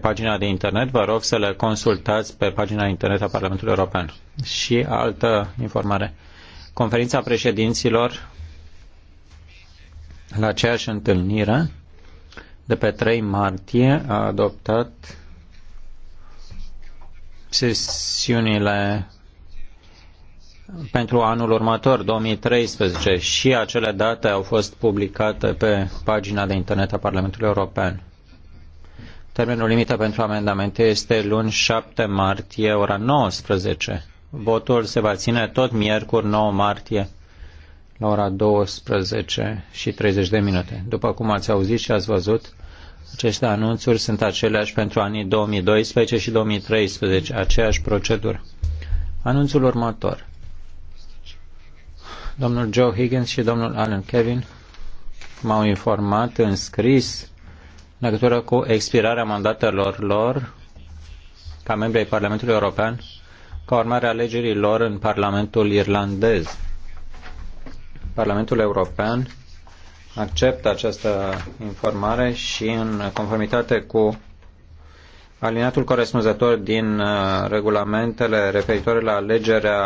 pagina de internet, vă rog să le consultați pe pagina internet a Parlamentului European. Și altă informare. Conferința președinților la aceeași întâlnire de pe 3 martie a adoptat sesiunile pentru anul următor, 2013, și acele date au fost publicate pe pagina de internet a Parlamentului European. Termenul limită pentru amendamente este luni 7 martie, ora 19. Votul se va ține tot miercuri 9 martie la ora 12 și 30 de minute. După cum ați auzit și ați văzut, aceste anunțuri sunt aceleași pentru anii 2012 și 2013, aceeași procedură. Anunțul următor. Domnul Joe Higgins și domnul Alan Kevin m-au informat în scris în legătură cu expirarea mandatelor lor ca membri ai Parlamentului European ca urmare a alegerii lor în Parlamentul irlandez. Parlamentul European acceptă această informare și în conformitate cu aliniatul corespunzător din uh, regulamentele referitoare la alegerea